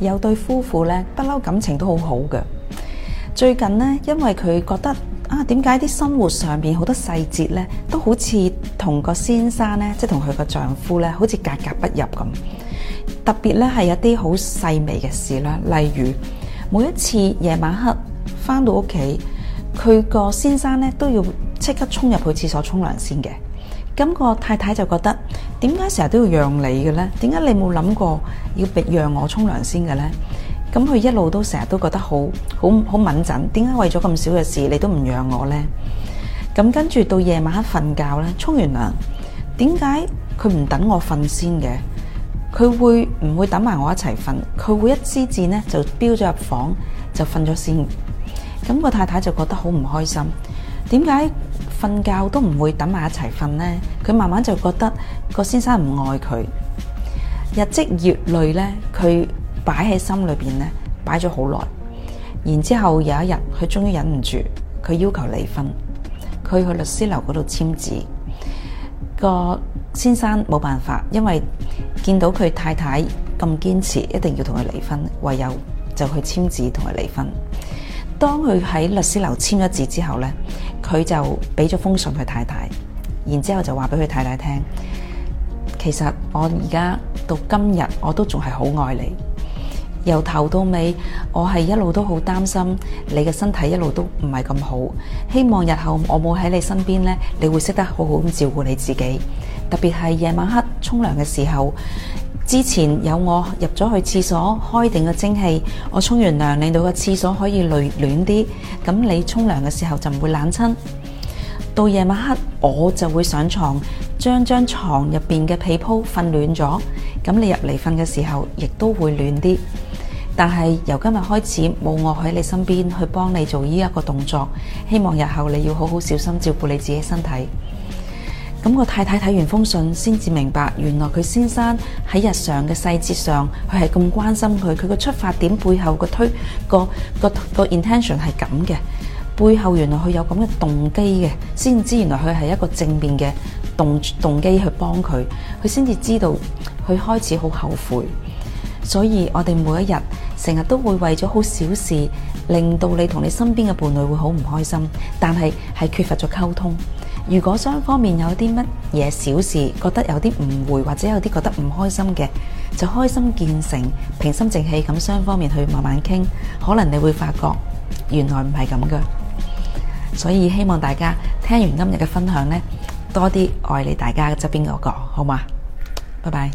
有對夫婦咧，不嬲感情都好好嘅。最近咧，因為佢覺得啊，點解啲生活上面好多細節咧，都好似同個先生咧，即係同佢個丈夫咧，好似格格不入咁。特別咧，係有啲好細微嘅事啦，例如每一次夜晚黑返到屋企，佢個先生咧都要即刻衝入去廁所沖涼先嘅。咁個太太就覺得。點解成日都要讓你嘅咧？點解你冇諗過要逼讓我沖涼先嘅咧？咁佢一路都成日都覺得好好好敏準。點解為咗咁少嘅事你都唔讓我咧？咁跟住到夜晚黑瞓覺咧，沖完涼點解佢唔等我瞓先嘅？佢會唔會等埋我一齊瞓？佢會一支箭咧就飆咗入房就瞓咗先。咁個太太就覺得好唔開心。點解瞓覺都唔會等埋一齊瞓呢？佢慢慢就覺得個先生唔愛佢，日積月累呢，佢擺喺心裏邊呢，擺咗好耐。然之後有一日，佢終於忍唔住，佢要求離婚，佢去律師樓嗰度簽字。個先生冇辦法，因為見到佢太太咁堅持，一定要同佢離婚，唯有就去簽字同佢離婚。當佢喺律師樓簽咗字之後呢，佢就俾咗封信佢太太，然之後就話俾佢太太聽，其實我而家到今日我都仲係好愛你，由頭到尾我係一路都好擔心你嘅身體一路都唔係咁好，希望日後我冇喺你身邊呢，你會識得好好咁照顧你自己，特別係夜晚黑沖涼嘅時候。之前有我入咗去廁所開定個蒸汽，我沖完涼令到個廁所可以暖暖啲，咁你沖涼嘅時候就唔會冷親。到夜晚黑我就會上床將張床入邊嘅被鋪瞓暖咗，咁你入嚟瞓嘅時候亦都會暖啲。但係由今日開始冇我喺你身邊去幫你做呢一個動作，希望日後你要好好小心照顧你自己身體。咁個太太睇完封信，先至明白，原來佢先生喺日常嘅細節上，佢係咁關心佢，佢個出發點背後個推個個個 intention 係咁嘅，背後原來佢有咁嘅動機嘅，先知原來佢係一個正面嘅動動機去幫佢，佢先至知道，佢開始好後悔。所以我哋每一日成日都會為咗好小事，令到你同你身邊嘅伴侶會好唔開心，但係係缺乏咗溝通。如果雙方面有啲乜嘢小事，覺得有啲誤會或者有啲覺得唔開心嘅，就開心見誠，平心靜氣咁雙方面去慢慢傾，可能你會發覺原來唔係咁嘅。所以希望大家聽完今日嘅分享咧，多啲愛你大家側邊嗰個，好嗎？拜拜。